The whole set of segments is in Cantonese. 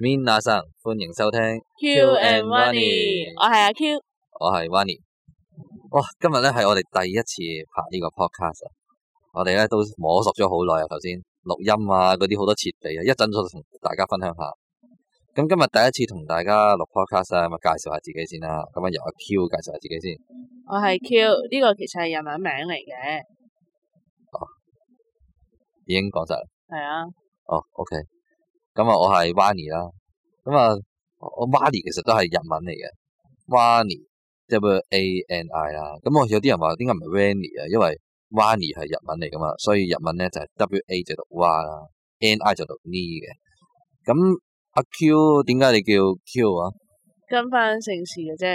mean 阿生，歡迎收聽。Q, Q and Wanny 我係阿 Q，我係 Wanny 哇，今日咧係我哋第一次拍個呢個 podcast。我哋咧都摸索咗好耐啊，頭先錄音啊，嗰啲好多設備啊，一陣再同大家分享下。咁今日第一次同大家錄 podcast 啊，咁啊介紹下自己先啦。咁啊由阿 Q 介紹下自己先。我係 Q，呢個其實係日文名嚟嘅。哦，已經講晒啦。係啊。哦，OK。咁、嗯、啊，我係 Wani 啦。咁啊，我 Wani 其實都係日文嚟嘅。Wani，W A N I 啊。咁、嗯、我有啲人話點解唔係 Wanny 啊？因為 Wani 係日文嚟噶嘛，所以日文咧就係、是、W A 就讀 Y 啦，N I 就讀呢嘅。咁、啊、阿、啊、Q 點解你叫 Q 啊？跟翻、嗯就是、姓氏嘅啫。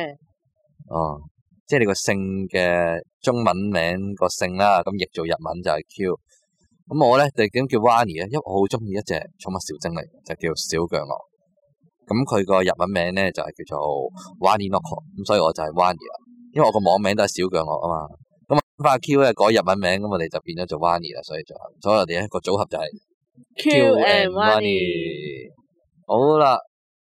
哦，即係你個姓嘅中文名、那個姓啦，咁、啊、譯做日文就係 Q。咁我咧就點叫 Wani 咧，因為我好中意一隻寵物小精靈、就是，就叫小腳鱷。咁佢個日文名咧就係叫做 Waninoko，咁所以我就係 Wani 啦。因為我個網名都係小腳鱷啊嘛。咁翻 Q 咧改日文名，咁我哋就變咗做 Wani 啦。所以就所以我哋一個組合就係 Q M Wani。好啦，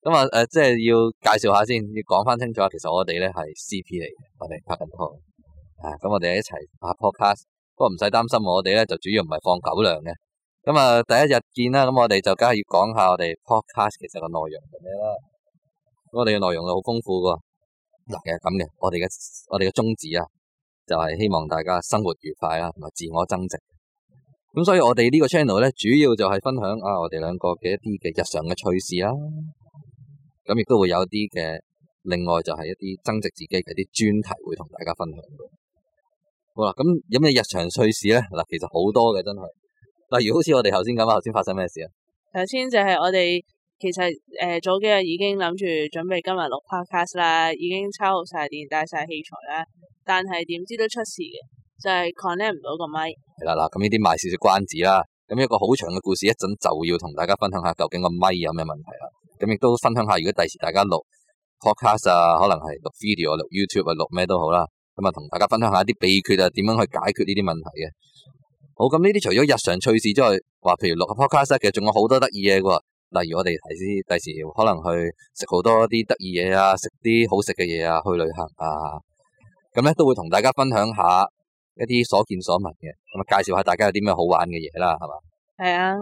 咁啊誒，即係要介紹下先，要講翻清楚。其實我哋咧係 CP 嚟嘅，我哋拍緊拖啊。咁我哋一齊拍 podcast。不過唔使擔心，我哋咧就主要唔係放狗糧嘅。咁啊，第一日見啦，咁我哋就梗係要講下我哋 podcast 其實個內容係咩啦。我哋嘅內容係好豐富噶，嗱，其實咁嘅，我哋嘅我哋嘅宗旨啊，就係、是、希望大家生活愉快啦，同埋自我增值。咁所以我哋呢個 channel 咧，主要就係分享啊，我哋兩個嘅一啲嘅日常嘅趣事啦。咁亦都會有啲嘅，另外就係一啲增值自己嘅啲專題，會同大家分享。好啦，咁有咩日常趣事咧？嗱，其實好多嘅真係，例如好似我哋頭先咁啊，頭先發生咩事啊？頭先就係我哋其實誒、呃、早幾日已經諗住準備今日錄 podcast 啦，已經充好晒電、帶晒器材啦，但係點知都出事嘅，就係、是、connect 唔到個咪。係啦嗱，咁呢啲賣少少關子啦。咁一個好長嘅故事，一陣就要同大家分享下究竟個咪有咩問題啦。咁亦都分享下，如果第時大家錄 podcast 啊，可能係錄 video、錄 YouTube 啊、錄咩、啊、都好啦。咁啊，同大家分享下一啲秘訣啊，點樣去解決呢啲問題嘅？好，咁呢啲除咗日常趣事之外，話譬如六 d c a s t 嘅，仲有好多得意嘢嘅。例如我哋係先，第時可能去食好多啲得意嘢啊，食啲好食嘅嘢啊，去旅行啊，咁、啊、咧、啊、都會同大家分享一下一啲所見所聞嘅。咁啊，介紹下大家有啲咩好玩嘅嘢啦，係嘛？係啊。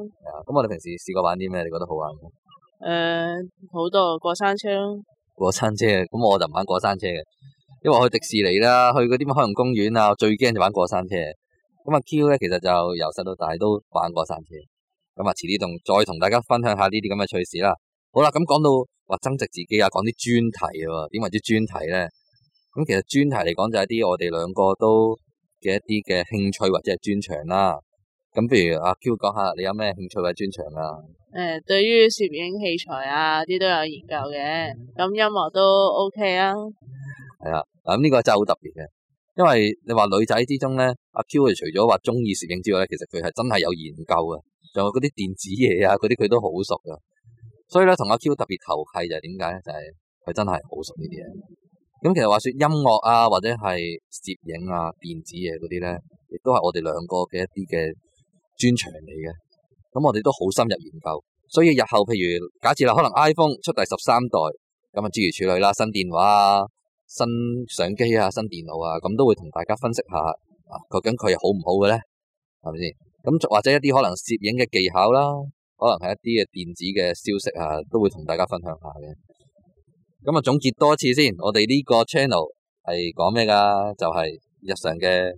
咁、啊、我哋平時試過玩啲咩？你覺得好玩誒、呃，好多過山車咯。過山車，咁我就唔玩過山車嘅。因為我去迪士尼啦，去嗰啲咩海洋公園啊，我最驚就玩過山車。咁阿 Q 咧，其實就由細到大都玩過山車。咁啊，遲啲仲再同大家分享下呢啲咁嘅趣事啦。好啦，咁、嗯、講到話增值自己啊，講啲專題嘅，點為之專題咧？咁、嗯、其實專題嚟講就係啲我哋兩個都嘅一啲嘅興趣或者係專長啦。咁譬如阿、啊、Q 講下你有咩興趣或者專長啊？誒，對於攝影器材啊啲都有研究嘅，咁音樂都 OK 啊。係啊。嗱咁呢個真係好特別嘅，因為你話女仔之中咧，阿 Q 除咗話中意攝影之外咧，其實佢係真係有研究嘅，就係嗰啲電子嘢啊，嗰啲佢都好熟嘅。所以咧，同阿 Q 特別投契就係點解咧？就係佢真係好熟呢啲嘢。咁其實話說音樂啊，或者係攝影啊、電子嘢嗰啲咧，亦都係我哋兩個嘅一啲嘅專長嚟嘅。咁我哋都好深入研究，所以日後譬如假設啦，可能 iPhone 出第十三代，咁啊諸如此類啦，新電話啊。新相機啊，新電腦啊，咁都會同大家分析下啊，究竟佢係好唔好嘅咧？係咪先？咁或者一啲可能攝影嘅技巧啦，可能係一啲嘅電子嘅消息啊，都會同大家分享下嘅。咁啊，總結多次先，我哋呢個 channel 係講咩噶？就係、是、日常嘅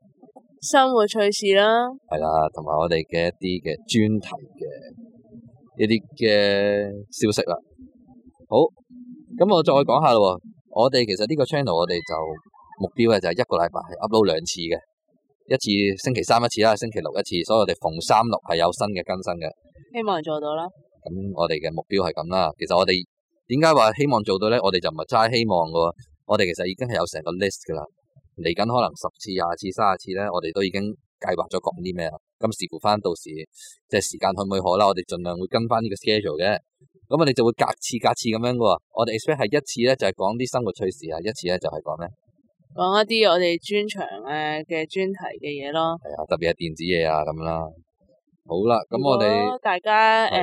生活趣事啦。係啦，同埋我哋嘅一啲嘅專題嘅一啲嘅消息啦。好，咁我再講下啦、啊。我哋其實呢個 channel 我哋就目標咧就係一個禮拜係 upload 兩次嘅，一次星期三一次啦，星期六一次，所以我哋逢三六係有新嘅更新嘅。希望做到啦。咁、嗯、我哋嘅目標係咁啦。其實我哋點解話希望做到咧？我哋就唔係齋希望嘅，我哋其實已經係有成個 list 噶啦。嚟緊可能十次、廿次、卅次咧，我哋都已經計劃咗講啲咩啦。咁視乎翻到時即係時間可唔可以可啦。我哋盡量會跟翻呢個 schedule 嘅。咁我哋就會隔次隔次咁樣噶，我哋 expect 係一次咧就係講啲生活趣事啊，一次咧就係講咩？講一啲我哋專長咧嘅專題嘅嘢咯。係、哎、啊，特別係電子嘢啊咁啦。好啦，咁我哋大家誒是、呃，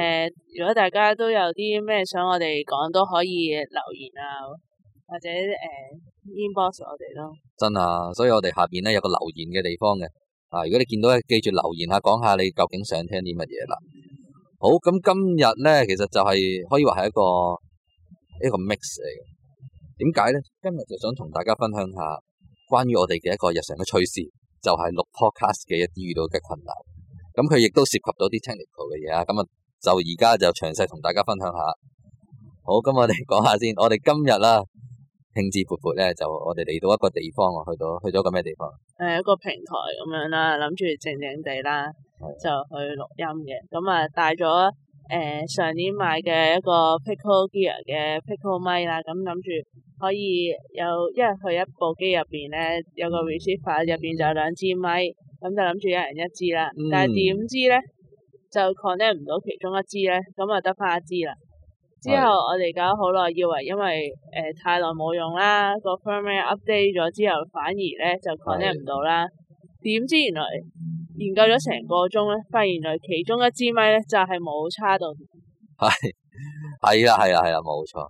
如果大家都有啲咩想我哋講，都可以留言啊，或者誒、呃、inbox 我哋咯。真啊，所以我哋下邊咧有個留言嘅地方嘅，啊，如果你見到咧，記住留言下，講下你究竟想聽啲乜嘢啦。好咁，今日咧，其實就係可以話係一個一個 mix 嚟嘅。點解咧？今日就想同大家分享下關於我哋嘅一個日常嘅趣事，就係錄 podcast 嘅一啲遇到嘅困難。咁佢亦都涉及到啲 technical 嘅嘢啊。咁啊，就而家就詳細同大家分享下。好，咁我哋講下先。我哋今日啦，興致勃勃咧，就我哋嚟到一個地方啊，去到去咗個咩地方？誒，一個平台咁樣啦，諗住靜靜地啦。就去錄音嘅，咁啊帶咗誒、呃、上年買嘅一個 Pickle Gear 嘅 Pickle 麥啦，咁諗住可以有一日去一部機入邊咧，有個 receiver 入邊就有兩支麥，咁就諗住一人一支啦。嗯、但係點知咧就 connect 唔到其中一支咧，咁啊得翻一支啦。之後我哋搞好耐，以為因為誒、呃、太耐冇用啦，個 firmware、er、update 咗之後反而咧就 connect 唔到啦。點、嗯、知原來～研究咗成個鐘咧，發現來其中一支咪咧就係冇差到。係係啦係啦係啦，冇錯。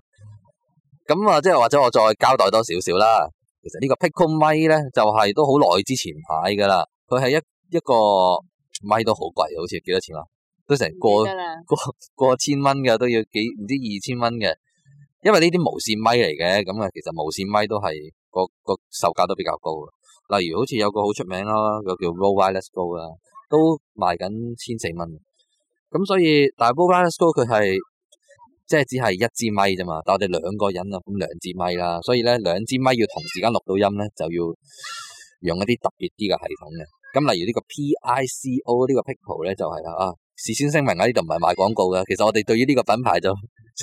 咁啊，即係或者我再交代多少少啦。其實呢個 Pico 咪咧就係、是、都好耐之前買噶啦。佢係一一個咪都好貴，好似幾多錢啊？都成個個千蚊嘅都要幾唔知二千蚊嘅。因為呢啲無線咪嚟嘅，咁啊，其實無線咪都係個個售價都比較高。例如好似有個好出名咯，個叫 Rode Wireless Go 啦，都賣緊千四蚊。咁所以但 Rode Wireless Go 佢係即係只係一支咪咋嘛，但係我哋兩個人啊，咁兩支咪啦，所以咧兩支咪要同時間錄到音咧，就要用一啲特別啲嘅系統嘅。咁例如個個呢個 PICO 呢個 PICO 咧就係、是、啦啊，事先聲明啊，呢度唔係賣廣告嘅。其實我哋對於呢個品牌就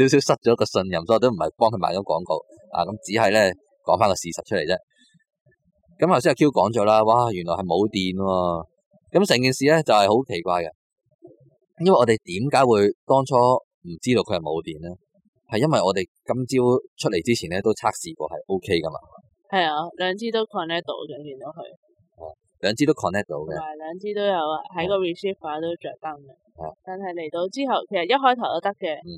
少少失咗個信任，所以我都唔係幫佢賣咗廣告啊。咁只係咧講翻個事實出嚟啫。咁頭先阿 Q 講咗啦，哇，原來係冇電喎、啊！咁成件事咧就係好奇怪嘅，因為我哋點解會當初唔知道佢係冇電咧？係因為我哋今朝出嚟之前咧都測試過係 OK 噶嘛？係啊，兩支都 connect ed，到嘅，見到佢。哦，兩支都 connect 到嘅。係、嗯、兩支都有啊，喺個 receiver 都着燈嘅。嗯、但係嚟到之後，其實一開頭都得嘅，嗯、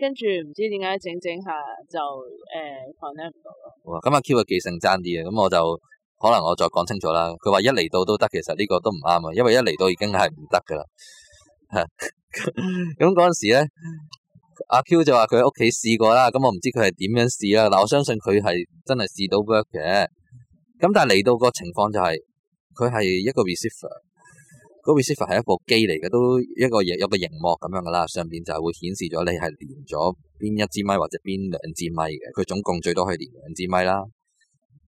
跟住唔知點解整整下就誒、呃、connect 唔到咯。咁阿、嗯啊、Q 嘅記性爭啲啊，咁我就～可能我再講清楚啦。佢話一嚟到都得，其實呢個都唔啱啊，因為一嚟到已經係唔得噶啦。咁嗰陣時咧，阿 Q 就話佢喺屋企試過啦。咁我唔知佢係點樣試啦。嗱，我相信佢係真係試到 work 嘅。咁但係嚟到個情況就係，佢係一個 receiver。個 receiver 係一部機嚟嘅，都一個有個熒幕咁樣噶啦，上邊就係會顯示咗你係連咗邊一支咪或者邊兩支咪嘅。佢總共最多可以連兩支咪啦。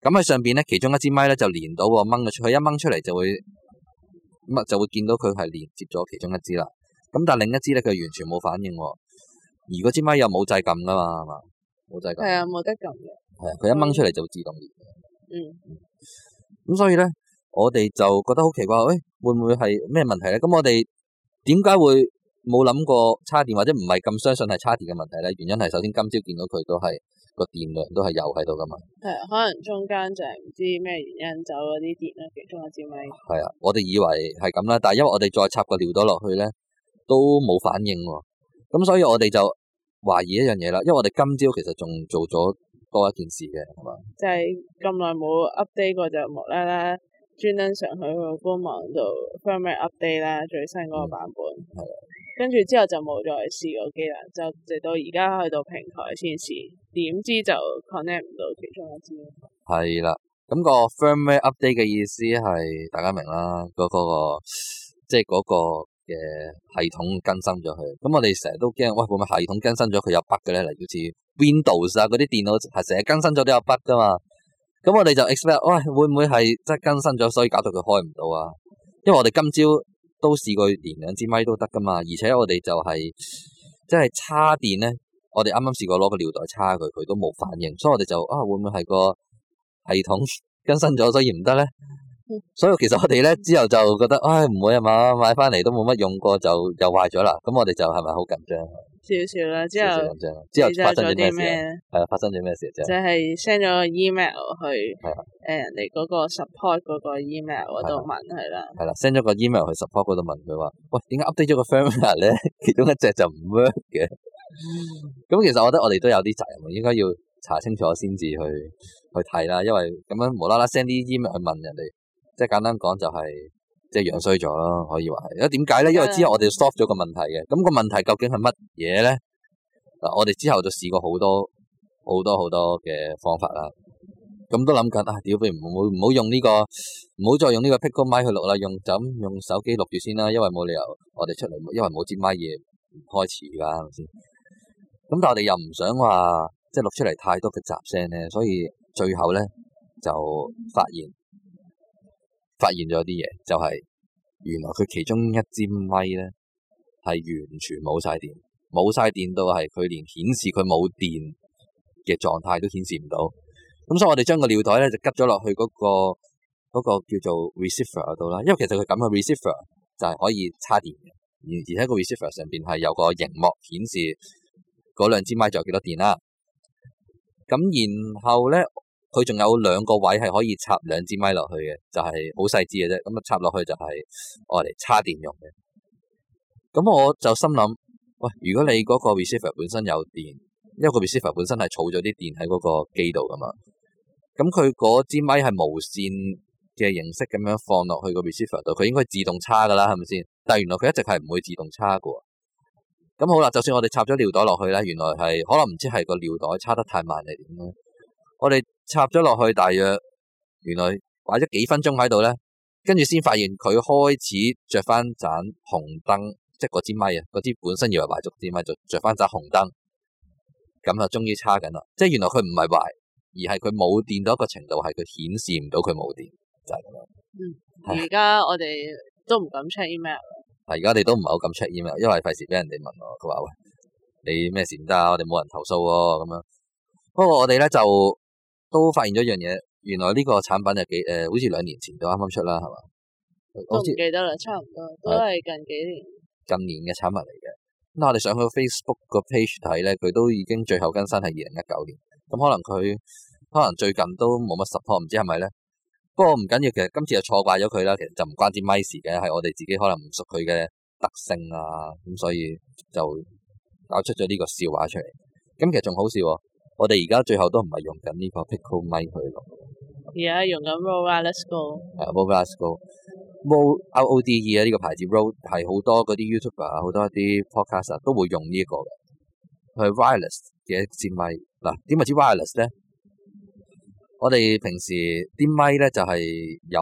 咁喺上邊咧，其中一支咪咧就連到喎，掹咗出去，一掹出嚟就會，乜就會見到佢係連接咗其中一支啦。咁但係另一支咧，佢完全冇反應喎。而嗰支咪又冇掣撳㗎嘛，係嘛？冇掣撳。係啊，冇得撳嘅。係啊，佢一掹出嚟就自動連嘅。嗯。咁、嗯、所以咧，我哋就覺得好奇怪，喂、哎，會唔會係咩問題咧？咁我哋點解會？冇諗過叉電，或者唔係咁相信係叉電嘅問題咧。原因係首先今朝見到佢都係個電量都係有喺度噶嘛，係可能中間就係唔知咩原因走嗰啲電咯，其中一支咪係啊。我哋以為係咁啦，但係因為我哋再插個尿袋落去咧，都冇反應喎。咁所以我哋就懷疑一樣嘢啦。因為我哋今朝其實仲做咗多一件事嘅，係嘛，就係咁耐冇 update 過就無啦啦專登上去個官網度 firmware update 啦，最新嗰個版本係。跟住之後就冇再試過機啦，就直到而家去到平台先試，點知就 connect 唔到其中一支。係啦，咁、嗰個 firmware update 嘅意思係大家明啦，嗰、嗰個、嗰個、即係嗰個嘅系統更新咗佢。咁我哋成日都驚，喂會唔會系統更新咗佢有 bug 嘅咧？例如似 Windows 啊，嗰啲電腦係成日更新咗都有 bug 噶嘛。咁我哋就 expect，喂會唔會係即係更新咗，所以搞到佢開唔到啊？因為我哋今朝，都試過連兩支咪都得㗎嘛，而且我哋就係、是、即係叉電咧，我哋啱啱試過攞個尿袋叉佢，佢都冇反應，所以我哋就啊，會唔會係個系統更新咗，所以唔得咧？所以其實我哋咧之後就覺得唉唔、哎、會啊嘛，買返嚟都冇乜用過，就又壞咗啦。咁、嗯、我哋就係咪好緊張？少少啦，之後少少，之後發生咗啲咩？係啊麼，發生咗咩事啫、啊？就係 send 咗個 email 去，誒的人哋嗰個 support 嗰個 email 嗰度問佢啦。係啦，send 咗個 email 去 support 嗰度問佢話，喂，點解 update 咗個 firmware 咧？其 中一隻就唔 work 嘅。咁 其實我覺得我哋都有啲責任，應該要查清楚先至去去睇啦。因為咁樣無啦啦 send 啲 email 去問，問人哋，即係簡單講就係、是。即係樣衰咗咯，可以話係。咁點解咧？因為之後我哋 soft 咗個問題嘅。咁、個問題究竟係乜嘢咧？嗱，我哋之後就試過好多、好多、好多嘅方法啦。咁都諗緊啊，屌你唔好唔好用呢個，唔好再用呢個 picco mic 去錄啦，用就用手機錄住先啦。因為冇理由我哋出嚟，因為冇接 mic 嘢唔開始㗎，係咪先？咁但係我哋又唔想話即係錄出嚟太多嘅雜聲咧，所以最後咧就發現。發現咗啲嘢，就係、是、原來佢其中一支咪咧係完全冇晒電，冇晒電到係佢連顯示佢冇電嘅狀態都顯示唔到。咁所以我哋將個尿袋咧就急咗落去嗰、那個、那個叫做 receiver 嗰度啦。因為其實佢咁嘅 receiver 就係可以插電嘅，而而且個 receiver 上邊係有個熒幕顯示嗰兩支咪仲有幾多電啦、啊。咁然後咧。佢仲有兩個位係可以插兩支咪落去嘅，就係好細支嘅啫。咁啊，插落去就係我嚟叉電用嘅。咁我就心諗，喂，如果你嗰個 receiver 本身有電，因為個 receiver 本身係儲咗啲電喺嗰個機度噶嘛。咁佢嗰支咪係無線嘅形式咁樣放落去個 receiver 度，佢應該自動叉噶啦，係咪先？但係原來佢一直係唔會自動叉噶喎。咁好啦，就算我哋插咗尿袋落去咧，原來係可能唔知係個尿袋叉得太慢定點咧。我哋，插咗落去大約，原來擺咗幾分鐘喺度咧，跟住先發現佢開始着翻盞紅燈，即係嗰支咪啊，嗰支本身以為壞咗支咪，就着翻盞紅燈，咁啊終於叉緊啦，即係原來佢唔係壞，而係佢冇電到一個程度，係佢顯示唔到佢冇電，就係咁樣。嗯，而家我哋都唔敢 check email。啊，而家你都唔係好敢 check email，因為費事俾人哋問我。佢話喂，你咩事唔得啊？我哋冇人投訴喎咁樣。不過我哋咧就。都發現咗一樣嘢，原來呢個產品係幾誒、呃，好似兩年前就啱啱出啦，係嘛？我唔記得啦，差唔多都係近幾年。近年嘅產品嚟嘅，咁我哋上個 Facebook 個 page 睇咧，佢都已經最後更新係二零一九年，咁可能佢可能最近都冇乜 support，唔知係咪咧？不過唔緊要，其實今次就錯怪咗佢啦，其實就唔關支咪事嘅，係我哋自己可能唔熟佢嘅特性啊，咁所以就搞出咗呢個笑話出嚟。咁其實仲好笑、啊。我哋而家最後都唔係用緊呢個 Pico 麥去錄，而家、yeah, 用緊 Rode Wireless Go，係 Rode，Wireless Go，Rode R O D E 啊！呢個牌子 Rode 係好多嗰啲 YouTuber 好多啲 Podcaster 都會用 less,、啊、呢一個嘅，係 wireless 嘅一支咪，嗱。點解知 wireless 咧？我哋平時啲麥咧就係有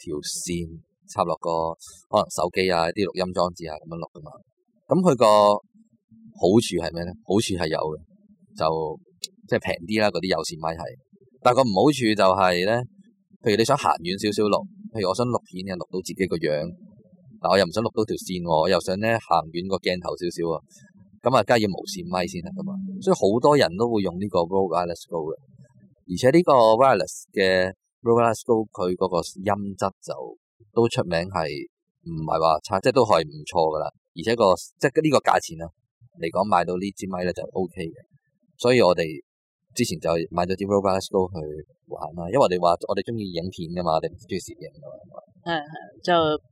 條線插落個可能手機啊、啲錄音裝置啊咁樣錄噶嘛。咁佢個好處係咩咧？好處係有嘅就。即係平啲啦，嗰啲有線咪係，但係個唔好處就係咧，譬如你想行遠少少錄，譬如我想錄片啊錄到自己個樣，嗱我又唔想錄到條線，我又想咧行遠個鏡頭少少啊，咁啊梗係要無線咪先得噶嘛。所以好多人都會用呢個 Wireless Go 嘅，而且呢個 Wireless 嘅 Wireless Go 佢嗰個音質就都出名係唔係話差，即係都係唔錯噶啦，而且個即係呢個價錢啊嚟講買到呢支咪咧就 OK 嘅，所以我哋。之前就買咗啲 roboast go 去玩啦，因為你我哋話我哋中意影片噶嘛，我哋唔中意攝影噶嘛。係係、啊啊，就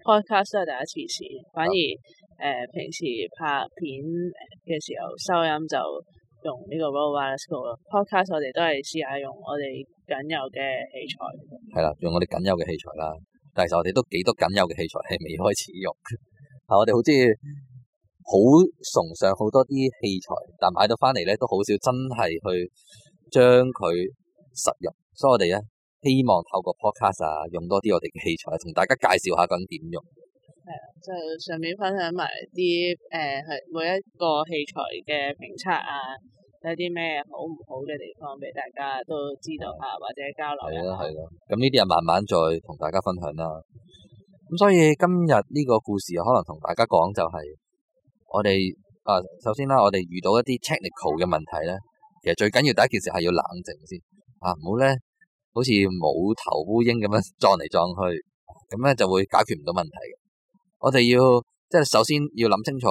podcast 都係第一次試，反而誒是、啊呃、平時拍片嘅時候收音就用呢個 roboast go 咯。podcast 我哋都係試下用我哋僅有嘅器材。係、嗯、啦、啊，用我哋僅有嘅器材啦，但係其實我哋都幾多僅有嘅器材係未開始用。係我哋好中意好崇尚好多啲器材，但買到翻嚟咧都好少真係去。將佢實用，所以我哋咧希望透過 podcast 啊，用多啲我哋嘅器材，同大家介紹下咁點用。係啊，就順便分享埋啲誒，係、呃、每一個器材嘅評測啊，有啲咩好唔好嘅地方俾大家都知道下，的或者交流下。係啦，係啦，咁呢啲啊，慢慢再同大家分享啦。咁所以今日呢個故事可能同大家講就係、是、我哋啊，首先啦，我哋遇到一啲 technical 嘅問題咧。其實最緊要第一件事係要冷靜先，啊唔好咧，好似冇頭烏蠅咁樣撞嚟，撞去，咁咧就會解決唔到問題。我哋要即係首先要諗清楚，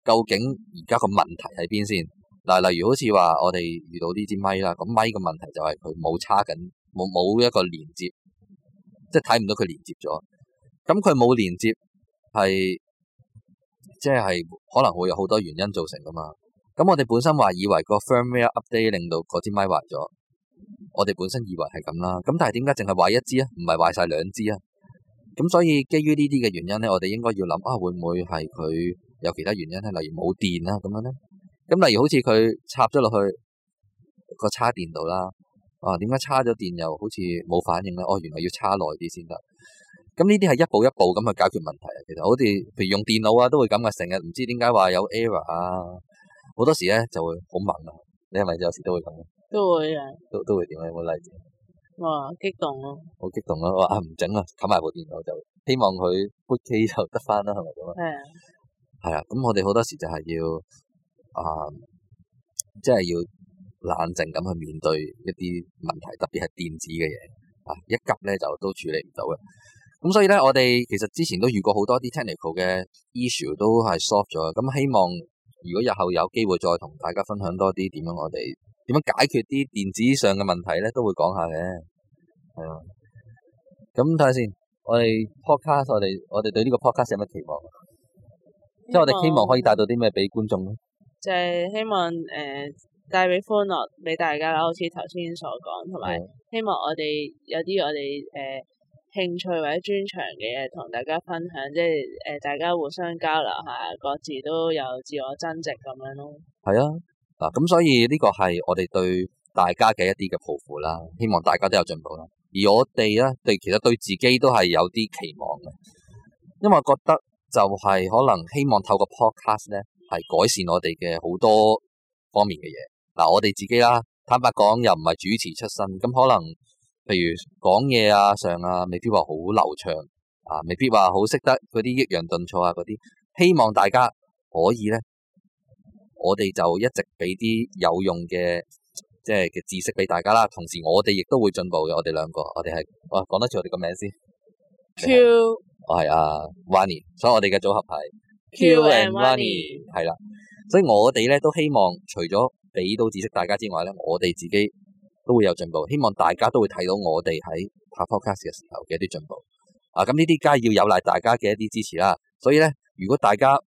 究竟而家個問題喺邊先嗱。啊，例如好似話我哋遇到呢支咪啦，咁咪嘅問題就係佢冇插緊，冇冇一個連接，即係睇唔到佢連接咗。咁佢冇連接係，即係可能會有好多原因造成噶嘛。咁我哋本身話以為個 firmware update 令到嗰支咪壞咗，我哋本身以為係咁啦。咁但係點解淨係壞一支啊？唔係壞晒兩支啊？咁所以基於呢啲嘅原因咧，我哋應該要諗啊，會唔會係佢有其他原因咧？例如冇電啊咁樣咧？咁例如好似佢插咗落去個叉電度啦，啊點解叉咗電又好似冇反應咧？哦、啊，原來要叉耐啲先得。咁呢啲係一步一步咁去解決問題啊。其實好似譬如用電腦啊都會咁、er、啊，成日唔知點解話有 error 啊。好多時咧就會好猛啊！你係咪有時都會咁？都會啊！都都會點樣啊？有冇例子？哇！激動咯、啊！好激動咯！啊，唔整啊！冚埋部電腦就希望佢 boot 機就得翻啦，係咪咁啊？係啊！係啊！咁我哋好多時就係要啊，即係要冷靜咁去面對一啲問題，特別係電子嘅嘢啊！一急咧就都處理唔到嘅。咁所以咧，我哋其實之前都遇過好多啲 technical 嘅 issue，都係 solve 咗。咁希望。如果日後有機會再同大家分享多啲點樣我，我哋點樣解決啲電子上嘅問題咧，都會講下嘅。係啊，咁睇下先，我哋 podcast，我哋我哋對呢個 podcast 有乜期望？即係望我哋希望可以帶到啲咩俾觀眾咧？就係希望誒、呃、帶俾歡樂俾大家啦，好似頭先所講，同埋的希望我哋有啲我哋誒。呃興趣或者專長嘅嘢，同大家分享，即係誒，大家互相交流下，各自都有自我增值咁樣咯。係啊，嗱，咁所以呢個係我哋對大家嘅一啲嘅抱負啦，希望大家都有進步啦。而我哋咧對，其實對自己都係有啲期望嘅，因為覺得就係可能希望透過 Podcast 咧，係改善我哋嘅好多方面嘅嘢。嗱、啊，我哋自己啦，坦白講又唔係主持出身，咁可能。譬如講嘢啊、上啊，未必話好流暢啊，未必話好識得嗰啲抑揚頓挫啊嗰啲。希望大家可以咧，我哋就一直俾啲有用嘅即係嘅知識俾大家啦。同時，我哋亦都會進步嘅。我哋兩個，我哋係哇，講得住 Q，我哋個名先。Q，我係啊，Wani，所以我哋嘅組合係 Q, Q and Wani，係啦。所以我哋咧都希望除咗俾到知識大家之外咧，我哋自己。都會有進步，希望大家都會睇到我哋喺拍 Podcast 嘅時候嘅一啲進步。啊，咁呢啲梗係要有賴大家嘅一啲支持啦。所以咧，如果大家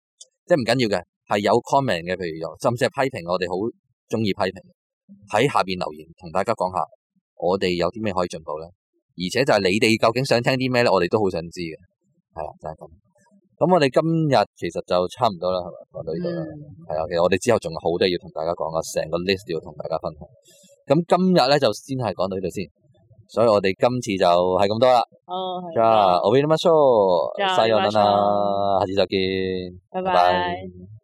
即係唔緊要嘅，係有 comment 嘅，譬如有甚至係批評我哋，好中意批評，喺下邊留言，同大家講下我哋有啲咩可以進步咧。而且就係你哋究竟想聽啲咩咧，我哋都好想知嘅。係、哎、啦，就係咁。咁我哋今日其實就差唔多啦，係咪？講到呢度啦，係、嗯、啊。其實我哋之後仲有好多嘢要同大家講嘅，成個 list 要同大家分享。咁今日呢就先係講到呢度先，所以我哋今次就係咁多啦。哦，係。我 a 你 l the b 等啦，下次再見。拜拜。拜拜。